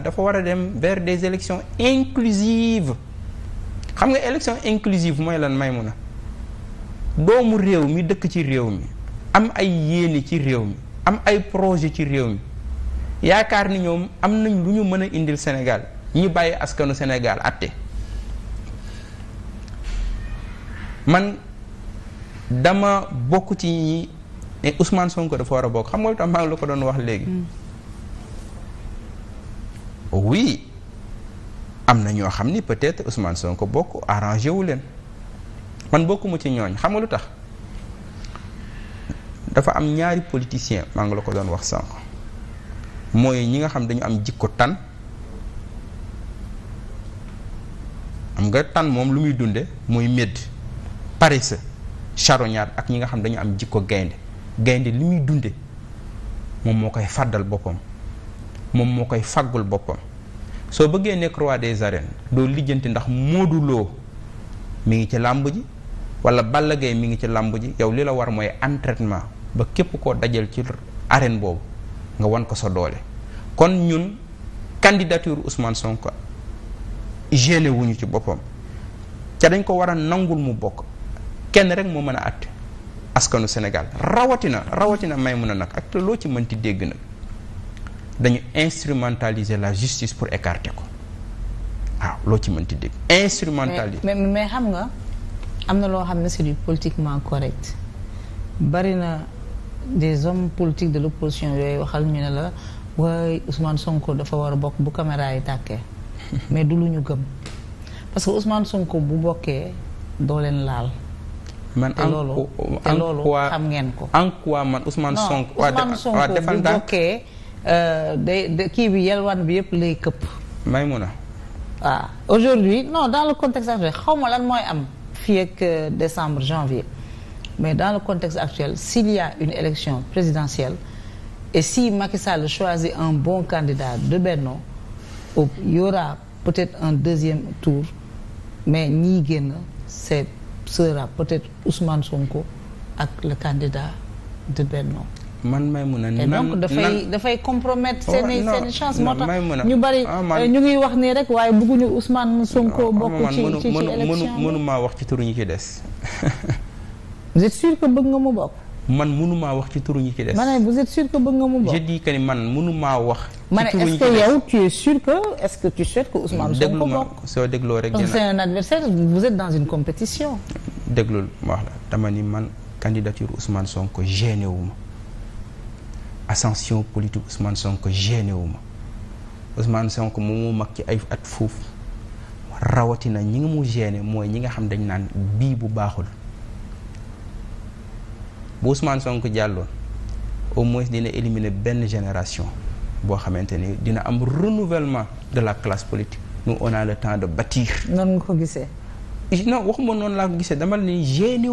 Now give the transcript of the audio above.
dafa war a dem vers des élections inclusives xam nga élection inclusive mooy lan may mun a doomu réew mi dëkk ci réew mi am ay yéene ci réew mi am ay projet ci réew mi yaakaar ni ñoom am nañ lu ñu mën a indil Sénégal ñu bàyyi askanu Sénégal atte man dama bokk ci ñi ne Ousmane Sonko dafa war a bokk xam nga lu tax maa ngi la ko doon wax léegi. Mm. oui am na ñoo xam ni peut-être Ousmane ko bokk arrangé wu leen man bokkuma ci ñooñ xam nga lu tax dafa am ñaari politicien maa ngi la ko doon wax sànq mooy ñi nga xam dañu am jikko tan am nga tan moom lu muy dunde mooy médd paresse charognard ak ñi nga xam dañu am jikko gaynde gaynde li muy dunde moom moo koy fàddal boppam moom moo koy fàggul boppam soo bëggee nekk roi des arènes doo lijjanti ndax Modou Lo mi ngi ci làmb ji wala Balla Gaye mi ngi ci làmb ji yow li la war mooy entraînement ba képp koo dajal ci arène boobu nga wan ko sa doole kon ñun candidature Ousmane Sonko génne wuñu ci boppam ca dañ ko war a nangul mu bokk kenn rek moo mën a àtte askanu Sénégal rawatina rawatina may mun a nag ak te loo ci mënti dégg nag dañu instrumentaliser la justice pour écarté ko waaw ah, loo ci mënti dégg. instrumentaliser mais mais xam nga am na loo xam ne c'est di politiquement correct bari na des hommes politiques de l'opposition yooyu waxal ñu ne la waaye Ousmane Sonko dafa war a bokk bu caméra yi tàkkee mais du lu ñu gëm parce que Ousmane Sonko bu bokkee doo leen laal. man en loolu te loolu xam ngeen ko. en quoi man bu bokkee. Euh, de kii bi yelwaan bi yëpp lay këpp. Maymuna. waaw ah, aujourd'hui non dans le contexte actuel xaw ma lan mooy am fii ak euh, décembre janvier mais dans le contexte actuel s'il y a une élection présidentielle et si Macky Sall choisit un bon candidat de Benno il y peut-être un deuxième tour mais ñii génn c'est sera peut-être Ousmane Sonko ak le candidat de Benno man may mun a. nan donc dafay dafay compromettre seen oh, seen chance moo tax ñu bari ah, ñu ngi wax nii rek waaye bëgguñu Ousmane Sonko ah, bokk ci ci ci élection mënumaa wax ci turu ñi ci des. vous êtes sûr que bëgg nga mu bokk. man mënumaa wax ci turu ñi ci des. ma ne vous êtes sûr que bëgg nga mu bokk. je dis que ni man mënumaa wax. ci turu ñi ci des ma ne est-ce que yow tu es sûr que est-ce que tu souhaites que Ousmane Sonko bokk soo dégloo rek. donc c'est un adversaire vous êtes dans une compétition. déglul ma wax la dama ni man candidature Ousmane Sonko gêné wu ma ascension politique Ousmane Sonko gêné wu ma Ousmane Sonko moom moo mag ci ay at foofu rawatina ñi nga mu gêné mooy ñi nga xam dañ naan bii bu baaxul bu Ousmane Sonko jàlloon au moins dina éliminer benn génération boo xamante ni dina am renouvellement de la classe politique nous on le temps de bâtir. noonu nga ko gisee. non waxuma noonu laa ko gisee dama ni gêné